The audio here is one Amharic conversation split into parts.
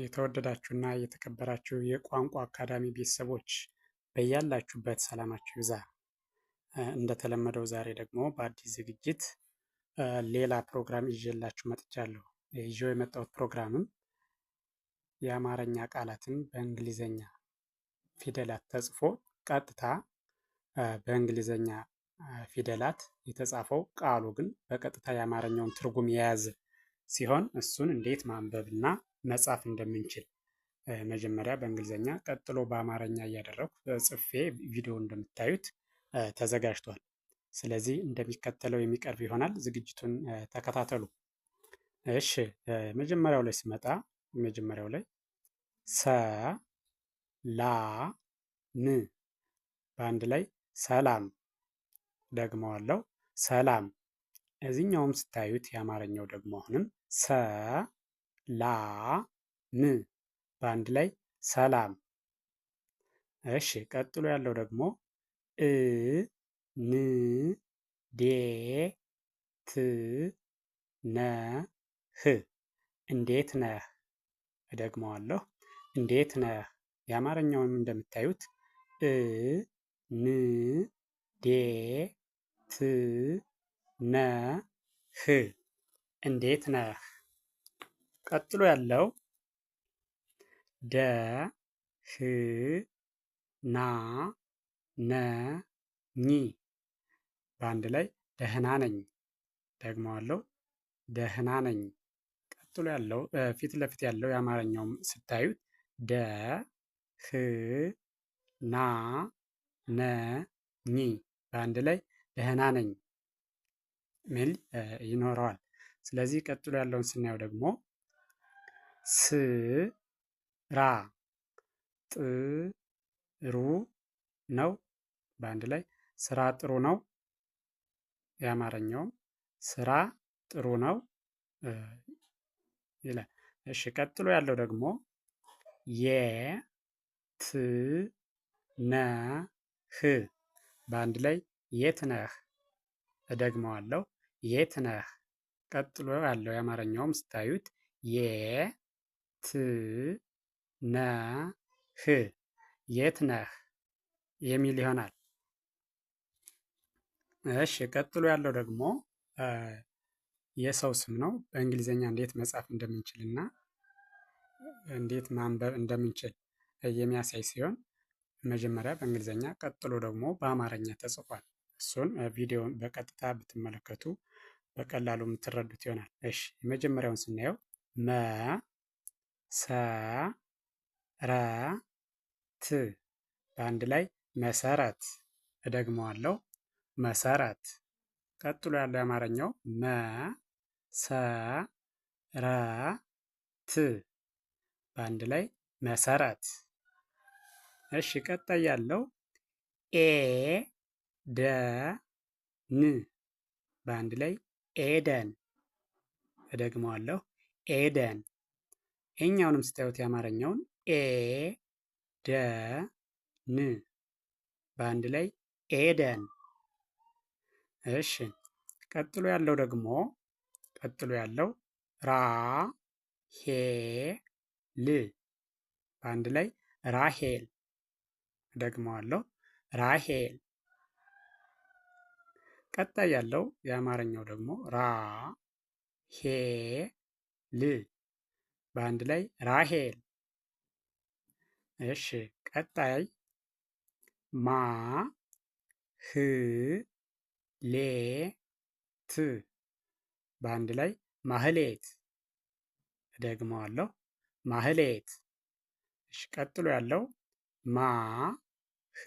የተወደዳችሁና የተከበራችሁ የቋንቋ አካዳሚ ቤተሰቦች በያላችሁበት ሰላማችሁ ይብዛ። እንደተለመደው ዛሬ ደግሞ በአዲስ ዝግጅት ሌላ ፕሮግራም ይዤላችሁ መጥቻለሁ። ይዤው የመጣሁት ፕሮግራምም የአማርኛ ቃላትን በእንግሊዘኛ ፊደላት ተጽፎ ቀጥታ በእንግሊዘኛ ፊደላት የተጻፈው ቃሉ ግን በቀጥታ የአማርኛውን ትርጉም የያዘ ሲሆን እሱን እንዴት ማንበብና መጻፍ እንደምንችል መጀመሪያ በእንግሊዝኛ ቀጥሎ በአማርኛ እያደረኩ ጽፌ ቪዲዮ እንደምታዩት ተዘጋጅቷል። ስለዚህ እንደሚከተለው የሚቀርብ ይሆናል። ዝግጅቱን ተከታተሉ። እሺ፣ መጀመሪያው ላይ ስመጣ መጀመሪያው ላይ ሰ ላ ም በአንድ ላይ ሰላም። ደግመዋለው ሰላም። እዚህኛውም ስታዩት የአማርኛው ደግሞ አሁንም ሰ ላ ም በአንድ ላይ ሰላም። እሺ ቀጥሎ ያለው ደግሞ እ ን ዴ ት ነ ህ እንዴት ነህ። እደግመዋለሁ እንዴት ነህ። የአማርኛውም እንደምታዩት እ ን ዴ ት ነ ህ እንዴት ነህ ቀጥሎ ያለው ደ ህ ና ነ ኝ በአንድ ላይ ደህና ነኝ። ደግመዋለሁ ደህና ነኝ። ቀጥሎ ያለው ፊት ለፊት ያለው የአማርኛውም ስታዩት ደ ህ ና ነ ኝ በአንድ ላይ ደህና ነኝ ሚል ይኖረዋል። ስለዚህ ቀጥሎ ያለውን ስናየው ደግሞ ስራ ጥሩ ነው። በአንድ ላይ ስራ ጥሩ ነው። የአማርኛውም ስራ ጥሩ ነው ይላል። እሺ ቀጥሎ ያለው ደግሞ የት ነህ? በአንድ ላይ የት ነህ? እደግመዋለሁ የት ነህ? ቀጥሎ ያለው የአማርኛውም ስታዩት የ ት ነ ህ የት ነህ የሚል ይሆናል። እሺ ቀጥሎ ያለው ደግሞ የሰው ስም ነው። በእንግሊዝኛ እንዴት መጻፍ እንደምንችል እና እንዴት ማንበብ እንደምንችል የሚያሳይ ሲሆን መጀመሪያ በእንግሊዝኛ ቀጥሎ ደግሞ በአማርኛ ተጽፏል። እሱን ቪዲዮን በቀጥታ ብትመለከቱ በቀላሉ የምትረዱት ይሆናል። እሺ የመጀመሪያውን ስናየው መ ሰ ረ ት በአንድ ላይ መሰረት። እደግመዋለሁ መሰረት። ቀጥሎ ያለው የአማርኛው መ ሰ ረ ት በአንድ ላይ መሰረት። እሺ ቀጣይ ያለው ኤ ደ ን በአንድ ላይ ኤደን። እደግመዋለሁ ኤደን። ኤኛውንም ስታዩት የአማርኛውን ኤ ደ ን በአንድ ላይ ኤደን። እሺ ቀጥሎ ያለው ደግሞ ቀጥሎ ያለው ራ ሄ ል በአንድ ላይ ራሄል። ደግመዋለሁ ራሄል። ቀጣይ ያለው የአማርኛው ደግሞ ራ ሄ ል በአንድ ላይ ራሄል። እሺ ቀጣይ ማ ህ ሌ ት በአንድ ላይ ማህሌት። እደግመዋለሁ ማህሌት። እሺ ቀጥሎ ያለው ማ ህ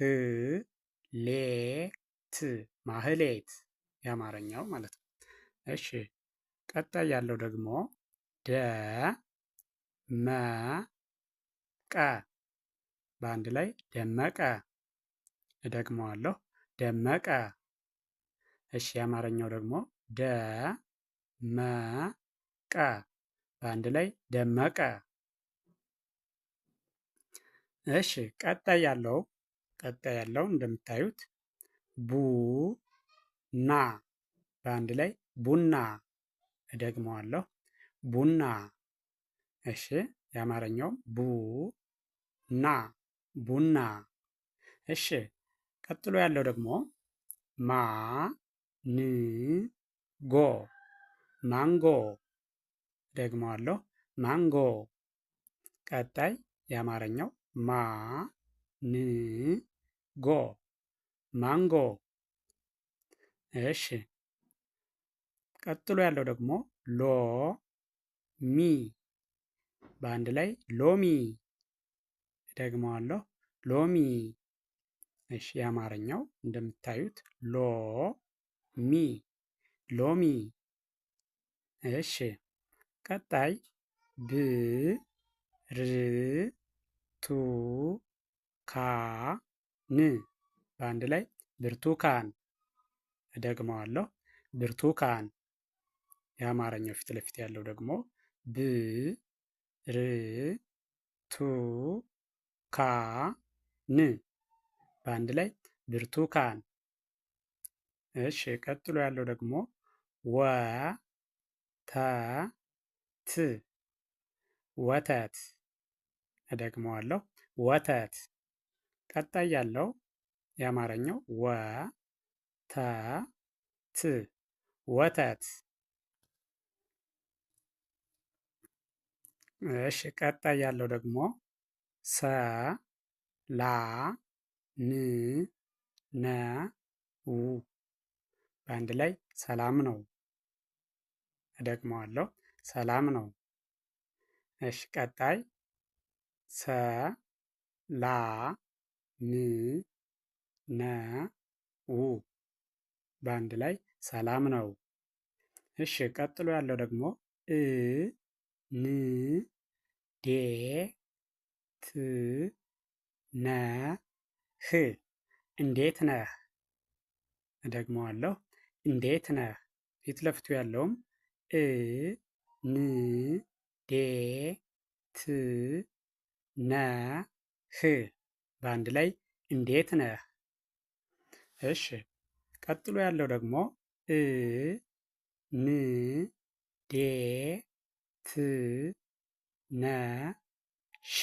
ሌ ት ማህሌት የአማርኛው ማለት ነው። እሺ ቀጣይ ያለው ደግሞ ደ መቀ በአንድ ላይ ደመቀ። እደግመዋለሁ ደመቀ። እሺ የአማርኛው ደግሞ ደ መ ቀ በአንድ ላይ ደመቀ። እሺ ቀጣይ ያለው ቀጣይ ያለው እንደምታዩት ቡ ና በአንድ ላይ ቡና። እደግመዋለሁ ቡና እሺ የአማርኛው ቡ ና ቡና። እሺ ቀጥሎ ያለው ደግሞ ማ ን ጎ ማንጎ። ደግሞ አለው ማንጎ። ቀጣይ የአማርኛው ማ ን ጎ ማንጎ። እሺ ቀጥሎ ያለው ደግሞ ሎ ሚ በአንድ ላይ ሎሚ። ደግመዋለሁ፣ ሎሚ። እሺ፣ የአማርኛው እንደምታዩት ሎ ሚ ሎሚ። እሺ፣ ቀጣይ ብ ር ቱ ካ ን በአንድ ላይ ብርቱካን። እደግመዋለሁ፣ ብርቱካን። የአማርኛው ፊት ለፊት ያለው ደግሞ ብ ር ቱ ካ ን በአንድ ላይ ብርቱካን። እሺ ቀጥሎ ያለው ደግሞ ወ ተ ት ወተት። እደግመዋለሁ ወተት። ቀጣይ ያለው የአማርኛው ወ ተ ት ወተት እሺ ቀጣይ ያለው ደግሞ ሰ ላ ን ነ ው በአንድ ላይ ሰላም ነው። እደግመዋለሁ ሰላም ነው። እሺ ቀጣይ ሰ ላ ን ነ ው በአንድ ላይ ሰላም ነው። እሺ ቀጥሎ ያለው ደግሞ እ ን ዴ ት ነ ህ እንዴት ነህ። እደግመዋለሁ እንዴት ነህ። ፊት ለፊቱ ያለውም እ ን ዴ ት ነ ህ በአንድ ላይ እንዴት ነህ። እሺ ቀጥሎ ያለው ደግሞ እ ን ዴ ት ነሽ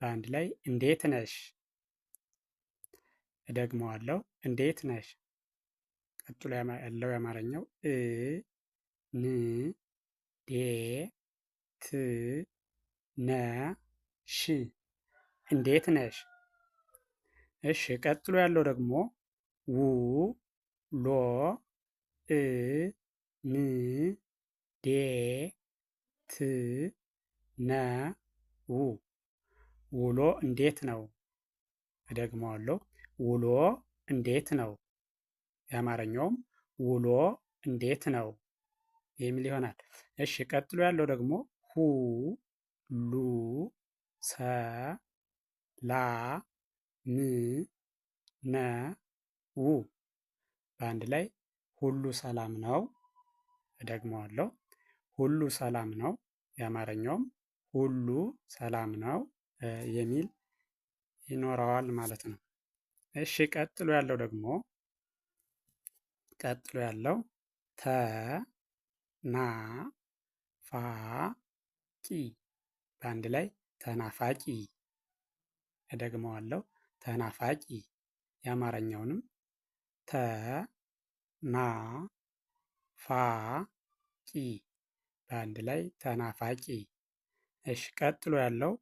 በአንድ ላይ እንዴት ነሽ። እደግመዋለሁ እንዴት ነሽ። ቀጥሎ ያለው የአማርኛው እ ን ዴ ት ነ ሽ እንዴት ነሽ። እሺ ቀጥሎ ያለው ደግሞ ው ሎ እ ን ዴ ት ው ውሎ እንዴት ነው? እደግመዋለሁ። ውሎ እንዴት ነው? የአማርኛውም ውሎ እንዴት ነው የሚል ይሆናል። እሺ፣ ቀጥሎ ያለው ደግሞ ሁ ሉ ሰ ላ ም ነ ው በአንድ ላይ ሁሉ ሰላም ነው። እደግመዋለሁ። ሁሉ ሰላም ነው። የአማርኛውም ሁሉ ሰላም ነው የሚል ይኖረዋል ማለት ነው። እሺ ቀጥሎ ያለው ደግሞ ቀጥሎ ያለው ተ ና ፋ ቂ በአንድ ላይ ተናፋቂ። እደግመዋለሁ ተናፋቂ። የአማርኛውንም ተ ና ፋ ቂ በአንድ ላይ ተናፋቂ እሺ ቀጥሎ ያለው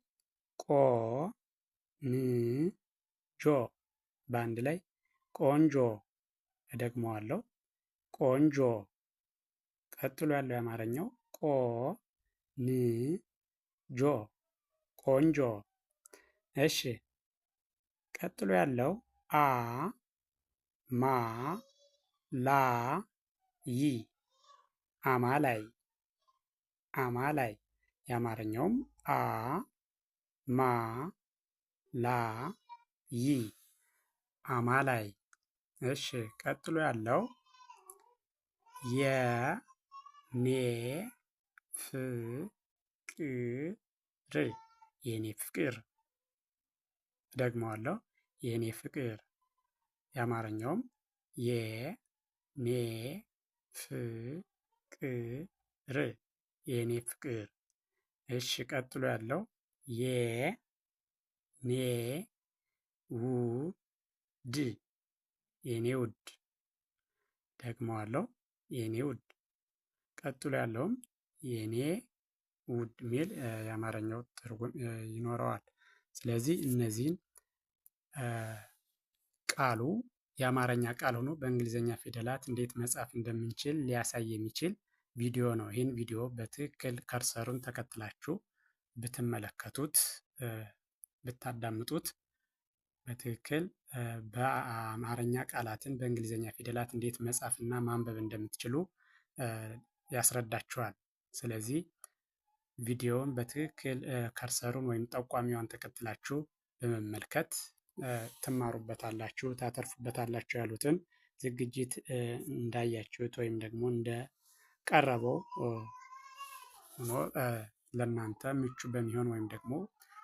ቆ ን ጆ በአንድ ላይ ቆንጆ። እደግመዋለሁ ቆንጆ። ቀጥሎ ያለው የአማርኛው ቆ ን ጆ ቆንጆ። እሺ ቀጥሎ ያለው አ ማ ላ ይ አማ አማላይ ላይ የአማርኛውም አ ማ ላ ይ አማ ላይ። እሺ ቀጥሎ ያለው የኔ ፍቅር የኔ ፍቅር አለው የኔ ፍቅር የአማርኛውም የኔ ፍቅር የኔ ፍቅር እሺ ቀጥሎ ያለው የ ኔ ው ድ የኔ ውድ። ደግመዋለው የኔ ውድ። ቀጥሎ ያለውም የኔ ውድ ሚል የአማርኛው ትርጉም ይኖረዋል። ስለዚህ እነዚህን ቃሉ የአማርኛ ቃል ሆኖ በእንግሊዝኛ ፊደላት እንዴት መጻፍ እንደምንችል ሊያሳይ የሚችል ቪዲዮ ነው። ይህን ቪዲዮ በትክክል ከርሰሩን ተከትላችሁ ብትመለከቱት ብታዳምጡት በትክክል በአማርኛ ቃላትን በእንግሊዝኛ ፊደላት እንዴት መጻፍና ማንበብ እንደምትችሉ ያስረዳችኋል። ስለዚህ ቪዲዮውን በትክክል ከርሰሩን ወይም ጠቋሚዋን ተከትላችሁ በመመልከት ትማሩበታላችሁ፣ ታተርፉበታላችሁ። ያሉትን ዝግጅት እንዳያችሁት ወይም ደግሞ እንደ ቀረበው ሆኖ ለእናንተ ምቹ በሚሆን ወይም ደግሞ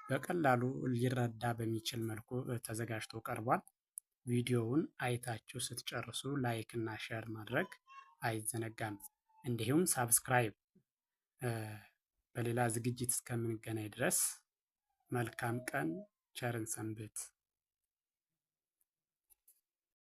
በቀላሉ ሊረዳ በሚችል መልኩ ተዘጋጅቶ ቀርቧል። ቪዲዮውን አይታችሁ ስትጨርሱ ላይክ እና ሼር ማድረግ አይዘነጋም። እንዲሁም ሳብስክራይብ። በሌላ ዝግጅት እስከምንገናኝ ድረስ መልካም ቀን፣ ቸርን ሰንብት።